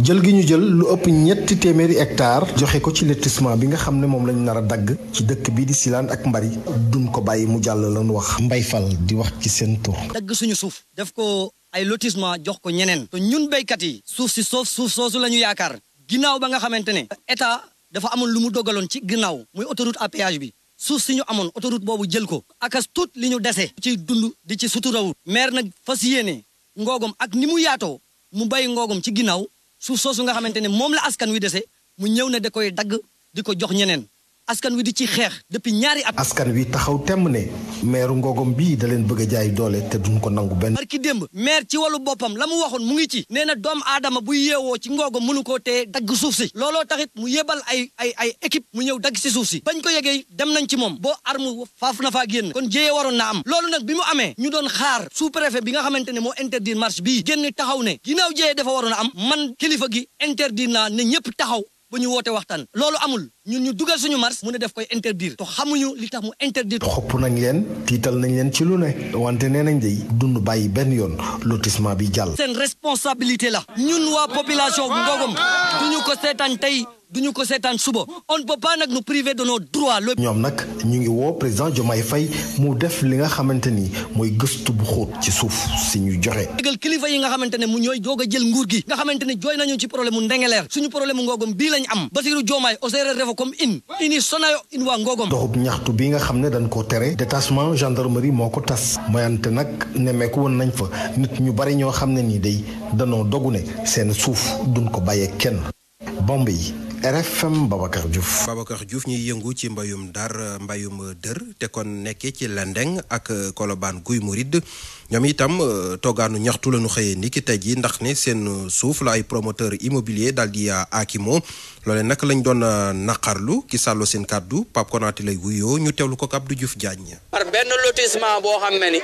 jël gi ñu jël lu ëpp ñetti téeméeri hectare joxe ko ci lotissement bi nga xam ne moom lañu nar a dagg ci dëkk bii di silaan ak Mbari dun ko bàyyi mu jàll lañu wax Mbay Fall di wax ci seen tur dagg suñu suuf def ko ay lotissement jox ko ñeneen te ñun béykat yi suuf si soof suuf soosu la ñu yaakaar ginnaaw ba nga xamante ne état dafa amoon lu mu dogaloon ci ginnaaw muy autoroute à péage bi suuf si ñu amoon autoroute boobu jël ko akas tuut li ñu dese ci dund di ci suturawut maire nag fas yéene ngoogom ak ni mu yaatoo mu bay ngoogom ci ginnaaw suuf soosu nga xamante ne moom la askan wi dese mu ñëw na da koy dagg di ko jox ñeneen askan wi di ci xeex depuis ñaari at. askan wi taxaw temm ne maire ngoogom bii da leen bëgg a jaay doole te duñ ko nangu benn. barki démb maire ci wàllu boppam la mu waxoon mu ngi ci. nee na doomu aadama buy yeewoo ci Ngogom mënu koo tee dagg suuf si. looloo taxit mu yebal ay ay ay équipe mu ñëw dagg si suuf si. bañ ko yegee dem nañ ci moom. boo arme faaf na faa génn. kon jéye waroon na am. loolu nag bi mu amee ñu doon xaar su préfet bi nga xamante ne moo interdire marche bii. génn taxaw ne ginnaaw jéye dafa waroon am. man kilifa gi interdire naa ne ñëpp taxaw ba ñu woote waxtaan loolu ñun ñu dugal suñu marche mu ne daf koy interdire te xamuñu li tax mu interdire xopp nañ leen tiital nañ leen ci lu ne wante nee nañ dund bàyyi benn yoon lotissement bi jàll seen responsabilité la ñun waa population Ngogom ñu ko seetaan tey duñu ko seetaan suba on ne peut pas nag nous priver de nos droits. ñoom nag ñu ngi woo président Diomaye Faye mu def li nga xamante ni mooy gëstu bu xóot ci suuf si ñu joxe. dëggal kilifa yi nga xamante ne mu ñooy doog a jël nguur gi nga ne jooy nañu ci problème mu comme in ini ñaxtu bi nga xam ne dañ koo tere détachement gendarmerie moo ko tas moyante nag nemmeeku woon nañ fa nit ñu bari ñoo xam ne nii day danoo dogu ne seen suuf duñ ko bàyyee kenn bombe yi RFM Babacar Diouf. Babacar Diouf ñuy yëngu ci mbayum dar mbayum dër te kon nekkee ci Landeng ak Kolobaan Guy Mouride ñoom itam euh, toogaanu ñaxtu la ñu xëyee ni ki tey jii ndax ne seen euh, suuf la ay promoteur immobilier daal di euh, aakimoo loole nag lañ doon naqarlu ki sàlloo seen kàddu Pape Konaté lay wuyoo ñu teewlu ko Abdou Diouf Diagne. par benn lotissement boo xam ne ni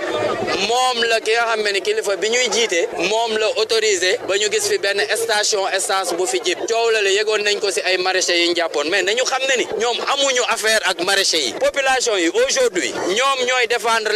moom la ki nga xam ne ni kilifa bi ñuy jiite moom la autorisé ba ñu gis fi benn station essence bu fi jib coow la la yëgoon nañ ko si ay maraîchers yi ñu jàppoon mais nañu xam ne ni ñoom amuñu affaire ak maraîchers yi population yi aujourd'hui ñoom ñooy défendre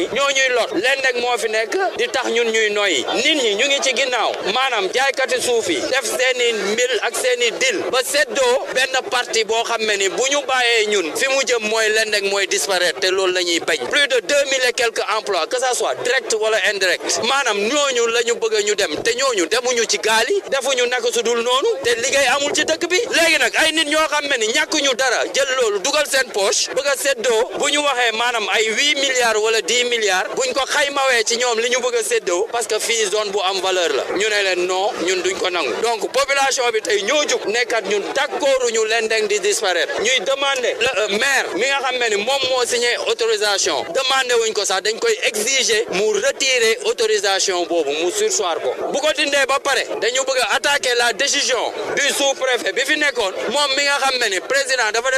ni ñoo ñuy lot leen moo fi nekk di tax ñun ñuy noyyi nit ñi ñu ngi ci ginnaaw maanaam jaaykati suuf yi def seen i mbil ak seen i dil ba seddoo benn parti boo xam ne ni bu ñu bàyyee ñun fi mu jëm mooy leen nag mooy disparaître te loolu la ñuy bañ plus de deux mille et quelques emplois que ça soit direct wala indirect maanaam ñooñu la ñu bëgg ñu dem te ñooñu demuñu ci gaal yi defuñu naka su dul noonu te liggéey amul ci dëkk bi léegi nag ay nit ñoo xam ni ñàkkuñu dara jël loolu a seddoo ñu waxee maanaam ay huit milliards wala milliards buñ ko xaymawee ci ñoom li ñu bëgg a séddoo parce que fii zone bu am valeur la ñu ne leen non ñun duñ ko nangu donc population bi tey ñoo jug nekkat ñun d'accorduñu Lendeng di disparaître ñuy demander le euh, maire mi nga xam ne ni moom moo signé autorisation demandé wuñ ko sax dañ koy exiger mu retirer autorisation boobu mu sursoir ko bu dindee ba pare dañu bëgg a la décision du sous-préfet bi fi nekkoon moom mi nga xam ne ni président dafa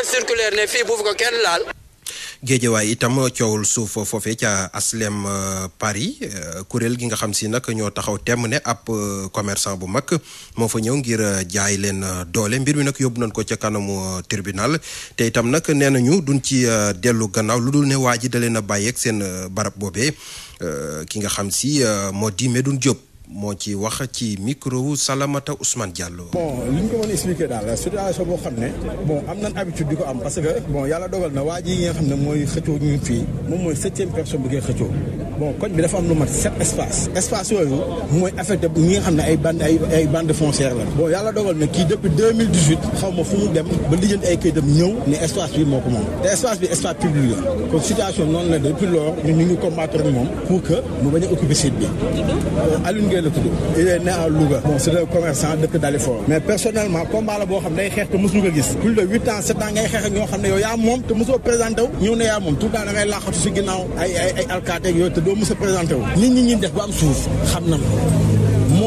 géejewaay itam coowul suuf foofe ca aslem euh, Paris euh, kuréel gi nga xam si nag ñoo taxaw temm ne ab euh, commerçant bu mag moo fa ñëw ngir jaay leen doole mbir mi nag yóbbu nañ ko ca kanamu tribunal te itam nag nee nañu duñ ci dellu gannaaw lu dul ne waa ji da leen a bàyyeeg seen barab boobee ki nga xam si moo di Medoune Diop. moo ci wax ci micro wu Salamata Ousmane Diallo. bon li ñu ko mën a expliquer daal situation boo xam ne bon am nañ habitude di ko am parce que bon yàlla dogal na waa ji yi nga xam ne mooy xëccoo ñu fii moom mooy septième personne bi koy xëccoo. bon koñ bi dafa am lu mat sept espace espace yooyu mooy affecté ñi nga xam ne ay bande ay la bon yàlla dogal na kii depuis 2018 xaw ma fu mu dem ba lijjanti ay këyitam ñëw ne espace bi moo ko moom te espace bi espace public la kon situation noonu la depuis lors la tudd il est né à Louga bon c'est un commerçant dëkk Dalifort mais personnellement combat la boo xam day xeex te mosuñu ko gis plus de huit ans sept ans xeex ak ñoo xam ne yaa moom te mosoo présenté wu ñëw ne yaa moom tout le temps ngay laaxatu si ginnaaw ay ay ay yooyu te doo mos a présenté wu nit ñi ñuy def bu suuf xam na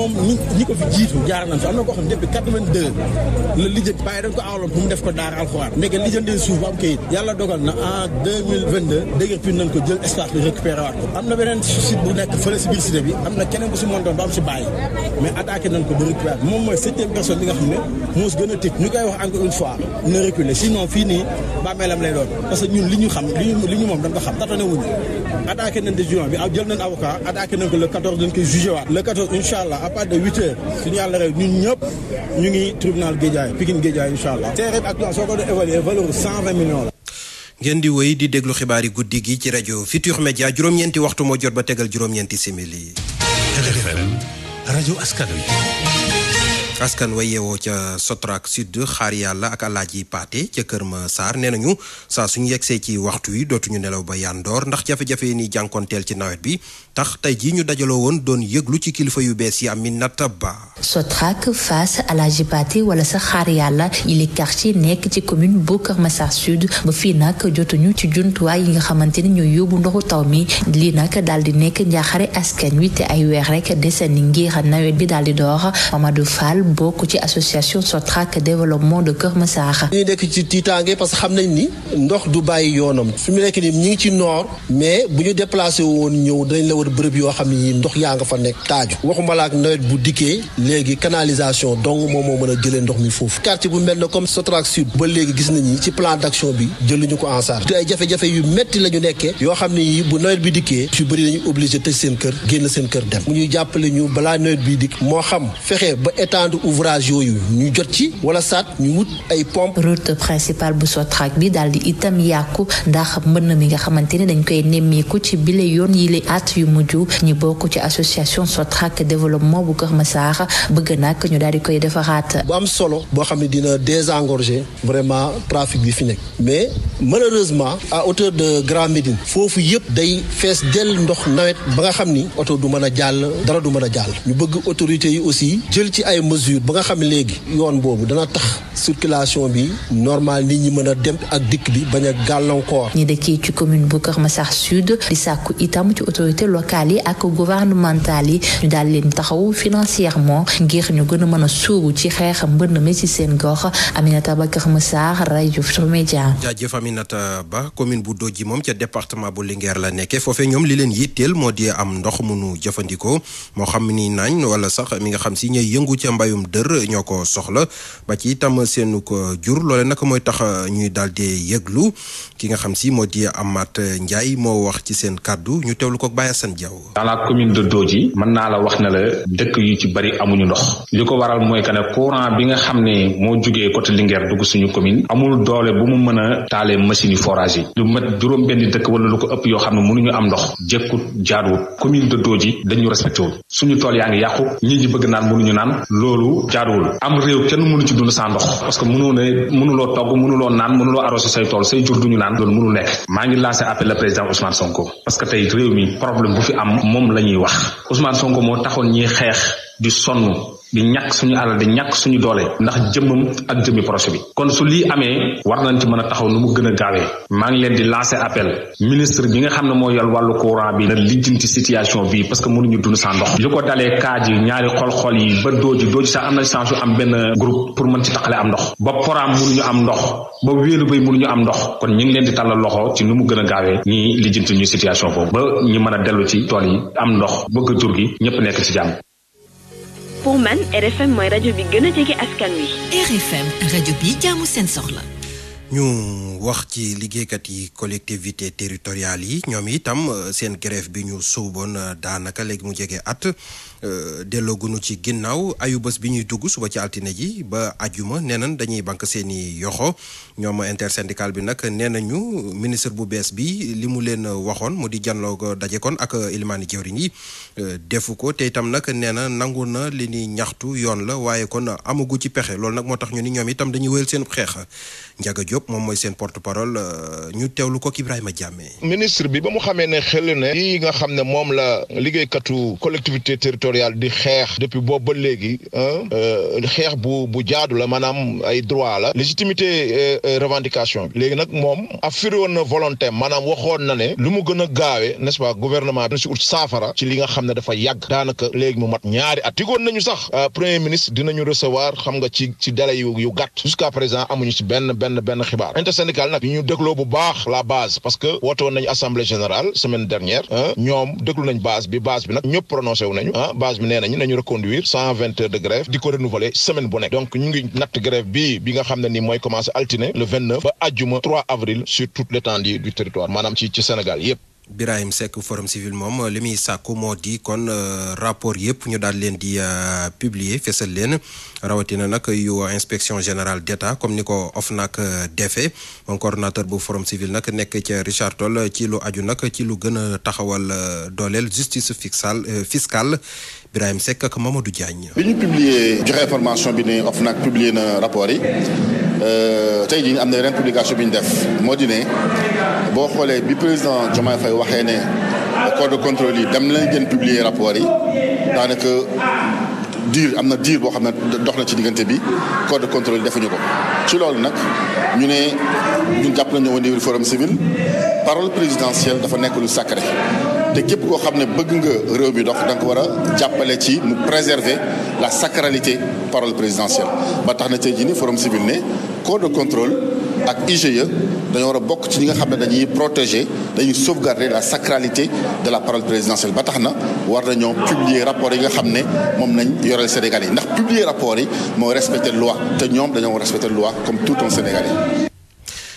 moom ñi ñi ko fi jiitu jaar nañ fi am na koo xam ne depuis 82 la lijjanti bàyyi dañ ko aawaloon pour mu def ko daara alxuraan ndeke lijjantee suuf bu am kayit yàlla dogal na en 2022 dëgër pin nañ ko jël espace bi am na beneen site bu nekk fële si biir cité bi am na keneen bu si montoon ba si bàyyi mais attaqué nañ ko ba récupéré moom mooy septième personne bi nga xam ne moo si ñu koy wax encore une fois na reculer li ñu attaqué nañ décision bi jël nañ avocat attaqué nañ ko le 14 dañ koy jugé allah à de 8 heures suñu yàlla rew ñun ñëpp ñu ngi tribunal Guédiawaye Pikine Guédiawaye incha allah TRF actuellement soo ko doon évaluer valeur 120 millions la ngeen di wéy di déglu xibaari guddi gi ci rajo Futur Média juróom-ñeenti waxtu moo jot ba tegal juróom-ñeenti simili. rajo askan wi askan wa yeewoo ca Sotrac Sud xaar yàlla ak alaaji paate ca Kër Masar nee ñu saa suñu yegsee ci waxtu yi dootuñu nelaw ba yàndoor ndax jafe-jafe yi ni jànkonteel ci nawet bi tax tey jii ñu dajaloo woon doon yëglu ci kilifa yu bees yi Aminata Ba. Sotrac face alaaji paate wala sa xaar yàlla yi li ci nekk ci commune bu Kër Masar Sud ba fii nag jotuñu ci jumtuwaay yi nga xamante ni ñooy yóbbu ndoxu taw mi lii nag daal di nekk njaaxare askan wi te ay weer rek desandi ngir nawet bi daal di door bokk ci association Sotrac développement de Kër Massar. ñu nekk ci tiitaange parce que xam nañ ni ndox du bàyyi yoonam fi mu nekk nii ñu ngi ci noor mais bu ñu déplacé woon ñëw dañ la war bërëb yoo xam ni ndox yaa nga fa nekk taaju waxumala ak nawet bu dikkee léegi kanalisation dong moom moo mën a jëlee ndox mi foofu quartier bu mel ne comme Sotrac sud ba léegi gis nañu ci plan d'action bi jëluñu ko en charge te ay jafe-jafe yu metti la ñu nekkee yoo xam ne bu nawet bi dikkee su bëri dañu obligé tëj seen kër génn seen kër dem mu ñuy jàppale ñu balaa nawet bi dikk moo xam de ouvrage yooyu ñu jot ci wala saat ñu wut ay pompe route principale bu Sotrac bi daal di itam yàqu ndax mbënn mi nga xamante ni dañ koy nemmeeku ci bile yoon yi li at yu mujj ñu bokk ci association Sotrac développement bu ma Massar bëgg nag ñu daal di koy defaraat. bu am solo boo xam ne dina désengorger vraiment trafic bi fi nekk mais malheureusement à hauteur de Grand Médine foofu yëpp day fees dell ndox nawet ba nga xam ni oto du mën a jàll dara mën jàll mesure ba nga xam ne léegi yoon boobu dana tax circulation bi normal nit ñi mën a dem ak dikk bi bañ gàllankoor. ñi de dëkkee ci commune bu Kër Massar Sud di sàkku itam ci autorités locales yi ak gouvernementales yi ñu daal leen taxaw financièrement ngir ñu gën a mën a sóobu ci xeex mbënd mi ci seen gox Aminata Ba Kër Massar rajo Futurs Médias. jaajëf Aminata Ba commune bu Dodji moom ca département bu Linguère la nekkee foofe ñoom li leen yitteel moo di am ndox mu nu jëfandikoo moo mbayum dër ñoo ko soxla ba ci itam seenu ko jur loole nag mooy tax ñuy daal di yëglu ki nga xam si moo di Amath njaay moo wax ci seen kàddu ñu teewlu ko Baye Assane Diaw. dans la commune de Dodji mën naa la wax na la dëkk yu ci bari amuñu ndox li ko waral mooy que ne courant bi nga xam ne moo jugee côté Linguère dugg suñu commune amul doole bu mu mën a taalee machine yi forage yi lu mat juróom benn dëkk wala lu ko ëpp yoo xam ne mënuñu am ndox jëkkut jaaduwut commune de Dodji dañu respecté suñu tool yaa ngi yàqu ñi ji bëgg naan mënuñu naan loolu loolu jaaduwul am réew kenn mënu ci dund sans ndox parce que mënoo togg mënuloo naan mënuloo arrosé say tool say jur duñu naan loolu mënul nekk maa ngi lancé appel le président Ousmane Sonko parce tey réew mi problème bu fi am moom la wax Ousmane Sonko moo taxoon ñiy xeex di sonn di ñàkk suñu alal di ñàkk suñu doolee ndax jëmmam ak jëmmi projet bi kon su lii amee war nañ ci mën a taxaw nu mu gën a gaawee maa ngi leen di lancer appel ministre bi nga xam ne moo yor wàllu courant bi na lijjanti situation bi parce que mënuñu dund sans ndox li ko dalee kaaj yi ñaari xol-xol yi ba dooji dooji sax am na chance yu am benn groupe pour mën ci taqale am ndox ba poraam mënuñu am ndox ba wéelu bay mënuñu am ndox kon ñu ngi leen di tàllal loxo ci nu mu gën a gaawee ñii lijjanti ñu situation boobu ba ñu mën a dellu ci tool yi am ndox bëgg jur gi ñëpp nekk ci jàmm pour RFM mooy bi jaamu seen soxla. ñu wax ci liggéeykat yi collectivité territoriale yi ñoom itam euh, seen grève bi ñu suuboon euh, daanaka léegi mu jege at. Euh, dellooguñu ci ginnaaw ayubés bi ñuy dugg suba ci altine ji ba ajjuma nee nañ dañuy bank seen i yoxo ñoom intersyndical bi nag nee nañu ministre bu bees bi li mu leen waxoon mu di janloo daje kon ak ilimaani jëwriñ yi euh, defu ko te itam nag nee na nangu na li ni ñaxtu yoon la waaye kon amagu ci pexe loolu nag moo tax ñu ni ñoom itam dañuy wéyal seen xeex Ndiaga Diop moom mooy seen porte parole euh, ñu teewlu ko kibrahima Diamé. ministre bi ba mu xamee nga xam ne moom la liggéeykatu collectivité territoriale territoriale di xeex depuis boobu ba léegi euh, xeex bu bu jaadu la maanaam ay droit la légitimité euh, euh, revendication bi léegi nag moom affirmé woon na volonté maanaam waxoon na ne lu mu gën a gaawee n'est-ce pas gouvernement bi si ut saafara ci li nga xam ne dafa yàgg daanaka léegi mu mat ñaari at tigoon nañu sax premier ministre dinañu recevoir xam nga ci ci délai yu yu gàtt jusqu'à présent amuñu ci benn benn benn xibaar intersyndical nag ñu dégloo bu baax la base parce que woote woon nañu assemblée générale semaine dernière ñoom déglu nañ base bi base bi nag ñëpp wu nañu ah base bi nee na ñu nañu reconduire cent vingt heures de grève di ko renouveler semaine bu nekk donc ñu ngi natt grève bi bi nga xam ne ni mooy commencé altine le vingt neuf ba àjjuma 3 avril sur toute l'étendue du territoire maanaam ci ci Sénégal yépp Birahim Seck Forum Civil moom li muy sàkku moo di kon euh, rapport yëpp ñu daal leen di euh, publier fesal leen rawatina nag yu inspection général d'État comme ni ko OFNAC euh, defee moom coordonnateur bu Forum Civil nag nekk ca Richard ci lu aju nag ci lu gën a taxawal dooleel justice fiscale fiscale Birahim Seck ak Mamadou Diagne. bi ñu publier joxe information bi ne OFNAC publier na rapport yi tey jii am na yeneen publication bi ñu def moo di ne boo xoolee bi président Diomaye fay waxee ne corps de contrôle yi dem nañ gën publier rapport yi daanaka diir am na diir boo xam ne dox na ci diggante bi corps de contrôle yi defuñu ko. ci loolu nag ñu ne ñu jàpp nañu au niveau du forum civil parole présidentielle dafa nekk lu sacré te képp koo xam ne bëgg nga réew bi dox da nga ko war a jàppale ci mu préserver la sacralité parole présidentielle ba tax na tey jii ni forum civil ne corps de contrôle. ak IGE dañoo war a bokk ci ñi nga xam ne dañuy protéger dañuy sauvegarder la sacralité de la parole présidentielle ba tax na war nañoo publier rapport yi nga xam ne moom nañ yoreel Sénégal yi ndax publier rapport yi mooy respecter loi te ñoom dañoo respecter loi comme tout un Sénégalais.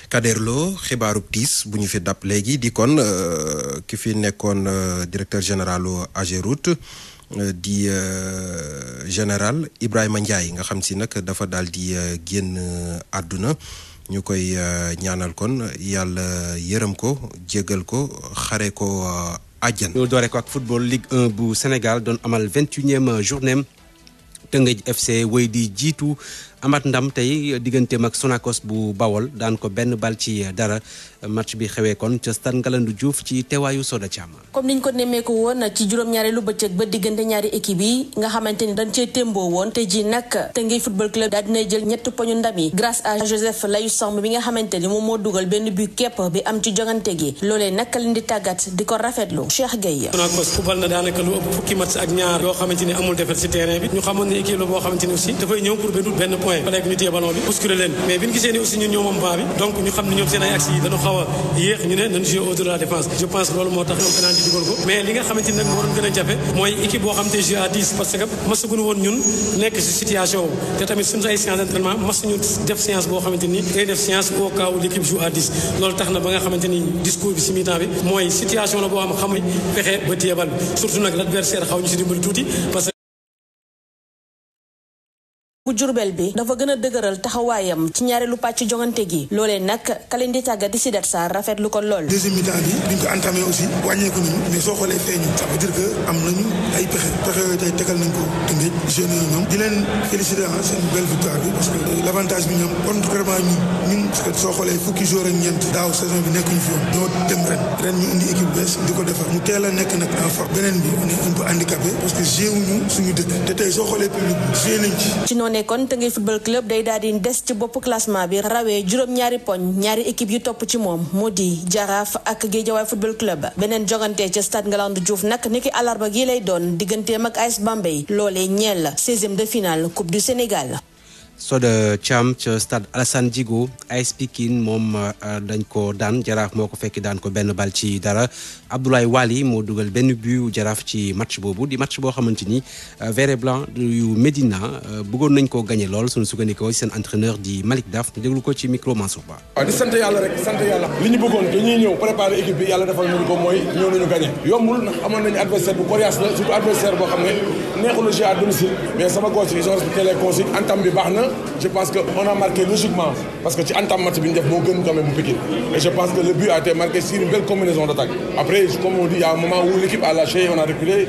Kader Lo xibaaru tiis bu ñu fi dab léegi di kon euh, ki fi nekkoon euh, directeur général AGEROUTE euh, di général Ibrahima Ndiaye nga xam si nag dafa daal di génn àdduna. ñu koy euh, ñaanal kon yàlla yërëm ko jégal ko xare ko euh, àjjan. ñu doore ko ak football Ligue 1 bu Sénégal doon amal vingt-et-unième journée FC wéy di jiitu amaat ndam tey digganteem ak Sonacos bu Bawol daan ko benn bal ci dara match bi xewee kon ca stade Ngalandou Diouf ci teewaayu Soda Thiam. comme niñ ko nemmeeku woon ci juróom-ñaareelu bëccëg ba diggante ñaari équipe yi nga xamante ni dañ cee témboo woon te ji nag Teungueth football club daal dinay jël ñett poñu ndam yi bi nga xamante ni moom moo dugal benn but képp bi am ci jongante gi loolee naka leen di tàggat di ko ni amul defet ci terrain bi ñu xamoon ne équipe la boo xamante ni aussi dafay ñëw point ba nekk ñu téye bi bousculer leen mais bi ñu gisee ni aussi ñun ñoo moom bi donc ñu xam ne ñoom seen ay axe yi dañu xaw yéex ñu ne nañu joué autour de la défense je pense loolu moo tax ñoom nga xamante ni bi si mi bi mooy situation la boo xam xamuñ fexe ba téye surtout nag l'adversaire xaw ñu si dimbali tuuti parce bu Jurbel bi dafa gën a dëgëral taxawaayam ci ñaareelu pàcc jongante gi loolee nag kaleen di tàggat di si det sa rafetlu ko lool deuxième mi bi bi ko entamé aussi wàññeeku nañu mais ñoom di leen féliciter ah seen belle bi parce que l'avantage bi ñoom contrairement ñun ñun parce que soo xoolee fukki jour ak ñeent daaw saison bi nekkuñu fi woon ñoo dem ren ren ñu indi équipe bees di ko defar mu teel a nekk nag en beneen bi on est un peu handicapé ne kon Tëngéej football club day daal di des ci bopp classement bi rawee juróom-ñaari poñ ñaari équipe yu topp ci moom moo di jaraaf ak Géejawaay football club beneen jogante ca stade Ngalandou Diouf nag niki alarba gi lay doon digganteem ak AS Bambey loolee ñeel la 16e de finale coupe du Sénégal. Sode Thiam ca stade Alassane Djigo AS Pikine moom euh, dañ ko daan jaraaf moo ko fekki daan ko benn bal ci dara Abdoulaye Waly moo dugal benn bu jaraaf ci match boobu di match boo xamante ni euh, vert et blanc yu Medina euh, bëggoon nañ ko gagné lool suñu sukkandikoo seen entraîneur di Malick Daf ñu déglu ko ci micro Mansour Ba. waaw di sant yàlla rek sant yàlla. li ñu bëggoon dañuy ñëw préparer équipe yàlla defal ñu ko mooy ñëw nañu gagné. yombul ndax amoon nañu adversaire je pense que on a marqué logiquement parce que ci entame match bi ñu def moo gën quand même bu Pikine et je pense que le but a été marqué sur une belle combinaison d'attaque après comme on dit il y a un moment où l'équipe a lâché on a reculé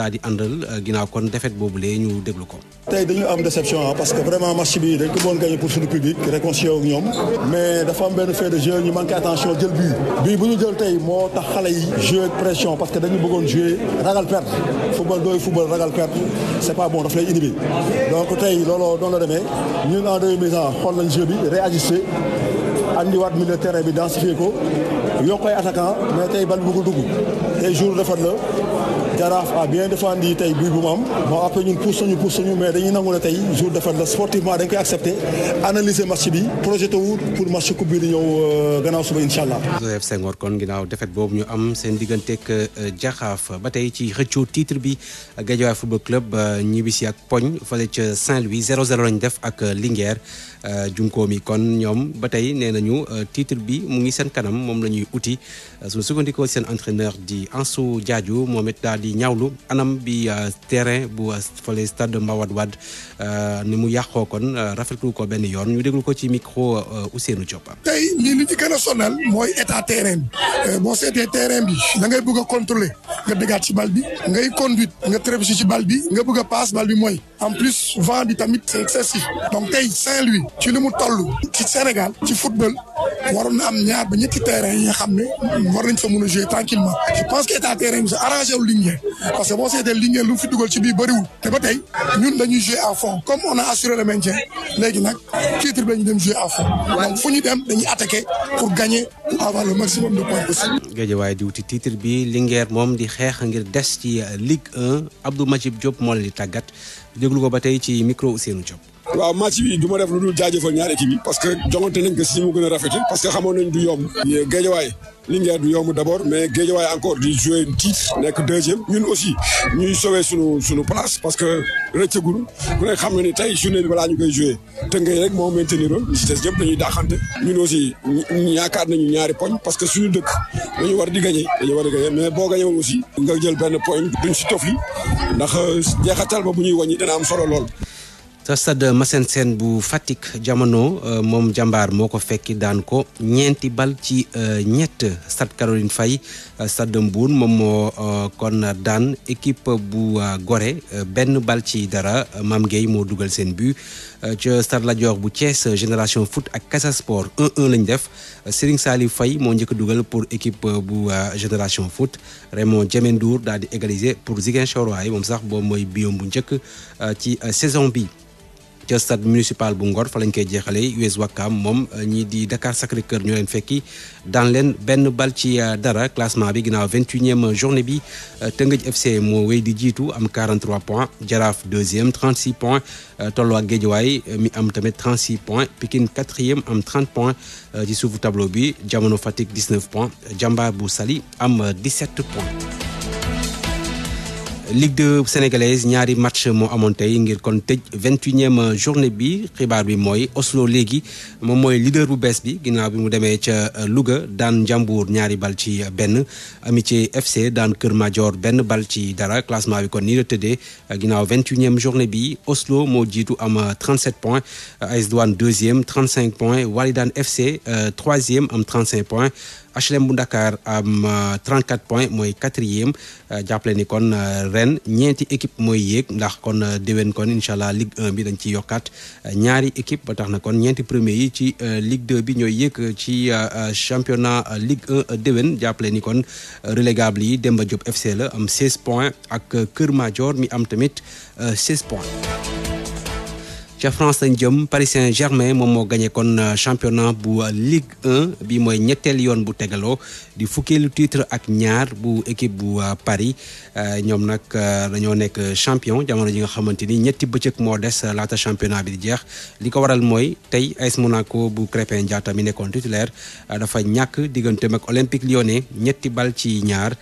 daal di àndal euh, ginnaaw am déception parce que vraiment match bi dañ ko doon gagné pour suñu public réconcilié ak ñoom mais dafa am benn fait de jeu ñu manqué attention jël but bii bu ñu jël tey moo tax xale yi joué ak pression parce que dañu bëggoon joué ragal football dooy football ragal c'est pas bon daf lay inhiber donc tey looloo doon la demee ñun en deuxième xool nañ jeu bi réajusté andiwaat milieu terrain bi densifié ko yokk attaquant mais Jaraaf a bien défendu tey buy bu mu am moo après ñun pousse nañu pousse nañu mais dañu nangu ne tey jour de fête la sportivement dañ koy accepté analyser match bi projet wu pour match coupe bi di ñëw euh, gannaaw suba incha allah. Joseph Senghor kon ginnaaw défaite boobu ñu am seen digganteeg euh, Jaraaf ba tey ci xëccu tiitre bi Guédiawaye football club euh, ñibbisi ak poñ fële ca Saint-Louis 0-0 lañ def ak Linguère. Euh, junko yi kon ñoom ba tey nee nañu euh, titre bi mu ngi seen kanam moom la ñuy uti euh, suñu sukkandikoo seen entraîneur di Ansu Jaaju moom it daal di ñaawlu anam bi terrain bu fale stade Mawade Wade ni mu yàqoo kon rafetu ko benn yoon ñu déglu ko ci micro Ousseynou Diop. tey lii li ci gën a mooy état terrain bi boo seetee terrain bi da ngay bëgg a contrôler nga dëggaat ci bal bi ngay conduite nga trébuché ci bal bi nga bëgg a passe bal bi mooy en plus vent bi tamit c'est ci li mu toll ci Sénégal ci football waroon na am ñaar ba ñetti terrain yi nga xam ne war nañ fa mën a jouer tranquillement je pense que état terrain bi sa arrangé wu Linguère parce que boo seetee Linguère lu mu fi dugal ci biir bëriwul te ba tey ñun dañuy jouer à fond comme on a assuré le maintien léegi nag titre bi dañuy dem jouer à fond donc fu ñu dem dañuy attaquer pour gagner pour avoir le maximum de points possible. Guédiawaye di wuti titre bi Linguère moom di xeex ngir des ci Ligue 1 Abdou Majib Diop moo di tàggat déglu ko ba tey ci micro Ousseynou Diop. waaw match bi du ma def lu dul jaajëfal ñaar équipe yi parce que jongante nañ ko mu gën a rafete parce que xamoon nañ du yomb géejawaay Linguère du yomb d'abord mais Guédiawaye encore di jouer titre nekk deuxième ñun aussi ñuy sauver sunu place parce que rëccagul ku nekk xam nga ni tey journée bi balaa ñu koy jouer tënkee rek moo maintenir woon si des ñëpp dañuy daaxante ñun aussi ñaakaar nañu ñaari poñ parce que suñu dëkk dañu war di gagner war di gagner mais boo gagner woon aussi nga jël benn point duñ si tof yi ba bu ñuy wàññi dana am solo lool. sa stade Massène bu Fatick jamono euh, moom jàmbaar moo ko fekki daan ko ñeenti bal ci euh, ñett stade Caroline fay euh, stade Mbour moom moo kon daan équipe bu waa gore benn bal ci dara Mame Gueye moo dugal seen but Euh, ca Stade Lat Dior bu Thiès euh, génération foot ak Casa Sport 1-1 def euh, Serigne Salif fay moo njëkk dugal pour équipe bu génération foot Raymond Diamandour daal di égaliser pour Ziguinchor waaye moom sax boobu mooy biom bu njëkk ci saison bi. ca stade municipal bu Ngor fa lañ koy jeexalee US Wakam moom euh, ñi di dakaar Sacré Cœur ñoo leen fekki daan leen benn bal ci euh, dara classement bi ginnaaw vingt unième journée bi euh, Tëngëj FC moo wéy di jiitu am 43 points Jaraaf deuxième 36 points tolloo ak Géejawaay mi am tamit 36 points Pikine quatrième am 30 points ci suufu tableau bi Jamono Fatick 19 points Jambaar bu Sali am 17 Ligue 2 sénégalaise ñaari match moo amoon tey ngir kon tëj vingt unième journée bi xibaar bi mooy Oslo léegi moom mooy leader bu bees bi ginnaaw bi mu demee ca euh, Louga daan Njàmbur ñaari bal ci euh, benn ci FC daan Kër Madior benn bal ci dara classement bi kon nii la tëddee euh, ginnaaw vingt unième journée bi Oslo moo jiitu am 37 points AS Douanes deuxième wali daan Walidane FC troisième am 35 points. HLM bu Dakar am 34 euh, points mooy quatrième euh, jàppale ni kon euh, ren ñeenti équipe mooy yéeg ndax kon déwén kon incha allah Ligue bi dañ ci yokkaat ñaari équipe ba tax na kon ñeenti premier yi ci Ligue 2 bi ñooy yéeg ci championnat Ligue 1 déwén jàppale ni kon relégable yi Demba Diop FC la am 16 points ak Kër Madior mi am tamit 16 points. ca France lañ jëm Paris Saint-Germain moom moo gagné kon euh, championnat bu euh, Ligue 1 bi mooy ñetteel yoon bu tegaloo di fukkeelu titre ak ñaar bu équipe bu euh, Paris ñoom nag dañoo nekk champion jamono ji nga xamante ni ñetti bëccëg moo des laata championnat bi di jeex li ko waral mooy tey AS Monaco bu Crépin Diatta mi nekkoon titulaire dafa ñàkk digganteem ak Olympique Lyonnais ñetti bal ci ñaar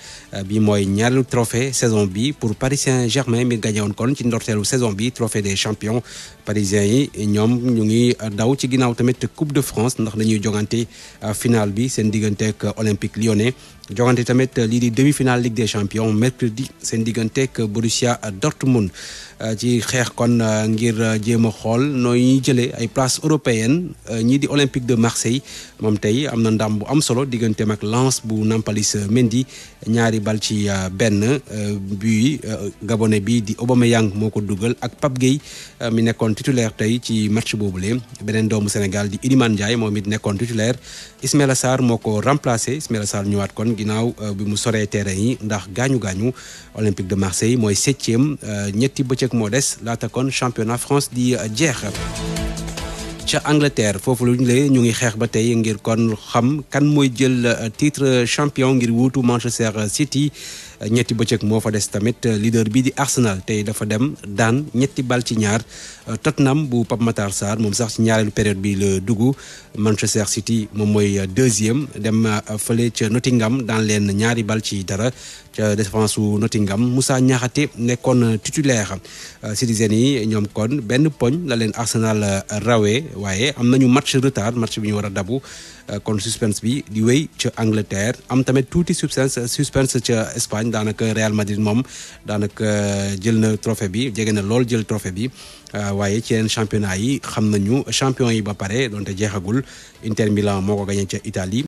bi mooy ñaareelu trophée saison bi pour Paris Saint-Germain mi gagné woon kon ci ndorteelu saison bi trophée des champions parisien yi ñoom ñu ngi daw ci ginnaaw tamit Coupe de France ndax dañuy jongante euh, final bi seen digganteek Olympique Lyonnais jogante tamit euh, lii di demi-finale Ligue des Champions mercredi seen digganteeg euh, Borussia Dortmund euh, ci xeex kon ngir jéem a xool nooy ñuy jëlee ay places européennes ñii di Olympique de Marseille moom tey am na ndam bu am solo digganteem ak lance bu Nampalis Mendy ñaari bal ci benn bi gabonais bi di Aubameyang moo ko dugal ak pap Gueye mi nekkoon titulaire tey ci match boobule beneen doomu senegal di Iliman Ndiaye moom it nekkoon titulaire Ismaila Sarr moo ko remplacé Ismaila Sarr ñëwaat kon. ginnaaw euh, bi mu soree terrain yi ndax gaañu gaañu Olympique de Marseille mooy septième euh, ñetti bëccëg moo des laata kon championnat France di euh, jeex. ca Angleterre foofu lu ñu ñu ngi xeex ba tey ngir kon xam kan mooy jël titre champion ngir wuutu Manchester City. ñetti bëccëg moo fa des tamit euh, leader bi di Arsenal tey dafa dem daan ñetti bal ci ñaar euh, Tottenham bu Pape Matar Sarr moom sax ci ñaareelu période bi la dugg Manchester City moom mooy euh, deuxième dem fële ca Nottingham daan leen ñaari bal ci dara ca défense su Nottingham Moussa Niakhaté nekkoon titulaire Citizen euh, yi ñoom kon benn poñ la leen Arsenal euh, rawee waaye am nañu match retard match bi ñu war a dabu euh, kon suspense bi di wéy ca Angleterre am tamit tuuti suspense suspense ca Espagne daanaka Real Madrid moom daanaka jël na trophée bi jege na lool jël trophée bi waaye ci yeneen championnat yi xam nañu champion yi ba pare donte jeexagul intermillan moo ko gagné ca Italie